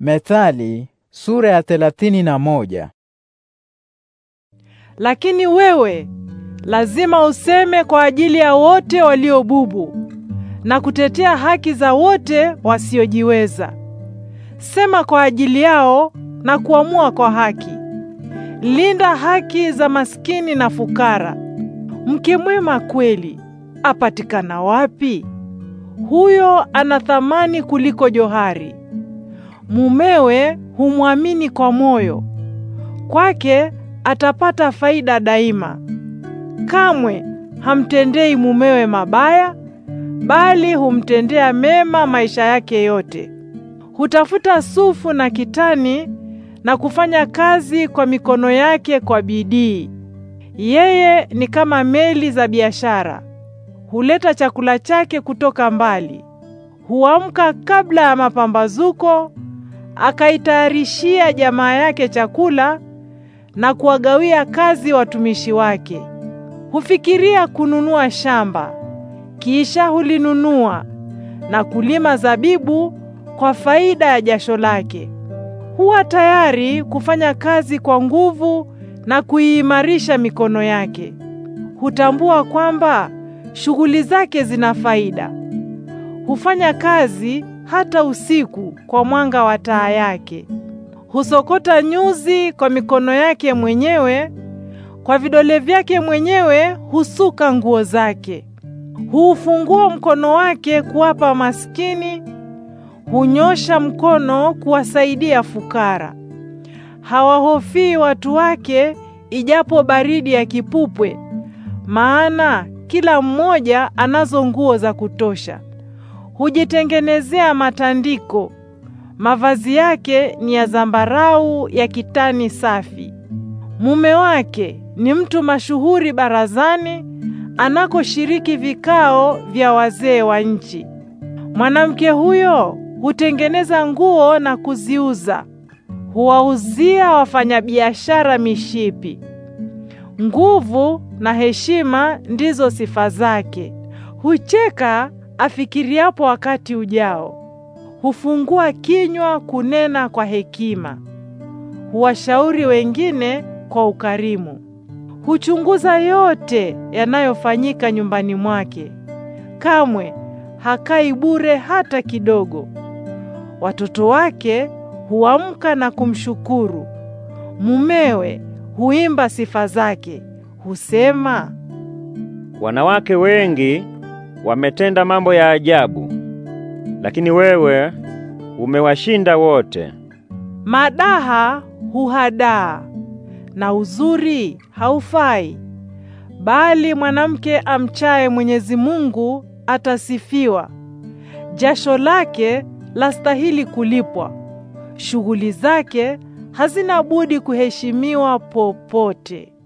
Methali sura ya thelathini na moja. Lakini wewe lazima useme kwa ajili ya wote walio bubu na kutetea haki za wote wasiojiweza. Sema kwa ajili yao na kuamua kwa haki. Linda haki za maskini na fukara. Mke mwema kweli apatikana wapi? Huyo ana thamani kuliko johari mumewe humwamini kwa moyo, kwake atapata faida daima. Kamwe hamtendei mumewe mabaya, bali humtendea mema maisha yake yote. Hutafuta sufu na kitani na kufanya kazi kwa mikono yake kwa bidii. Yeye ni kama meli za biashara, huleta chakula chake kutoka mbali, huamka kabla ya mapambazuko akaitayarishia jamaa yake chakula na kuwagawia kazi watumishi wake. Hufikiria kununua shamba, kisha hulinunua na kulima zabibu kwa faida ya jasho lake. Huwa tayari kufanya kazi kwa nguvu na kuiimarisha mikono yake. Hutambua kwamba shughuli zake zina faida. Hufanya kazi hata usiku kwa mwanga wa taa yake. Husokota nyuzi kwa mikono yake mwenyewe, kwa vidole vyake mwenyewe husuka nguo zake. Huufungua mkono wake kuwapa maskini, hunyosha mkono kuwasaidia fukara. Hawahofii watu wake, ijapo baridi ya kipupwe, maana kila mmoja anazo nguo za kutosha hujitengenezea matandiko. Mavazi yake ni ya zambarau ya kitani safi. Mume wake ni mtu mashuhuri barazani anakoshiriki vikao vya wazee wa nchi. Mwanamke huyo hutengeneza nguo na kuziuza, huwauzia wafanyabiashara mishipi. Nguvu na heshima ndizo sifa zake. Hucheka afikiriapo wakati ujao, hufungua kinywa kunena kwa hekima, huwashauri wengine kwa ukarimu, huchunguza yote yanayofanyika nyumbani mwake, kamwe hakai bure hata kidogo. Watoto wake huamka na kumshukuru, mumewe huimba sifa zake, husema wanawake wengi wametenda mambo ya ajabu, lakini wewe umewashinda wote. Madaha huhadaa na uzuri haufai, bali mwanamke amchaye Mwenyezi Mungu atasifiwa. Jasho lake lastahili kulipwa, shughuli zake hazina budi kuheshimiwa popote.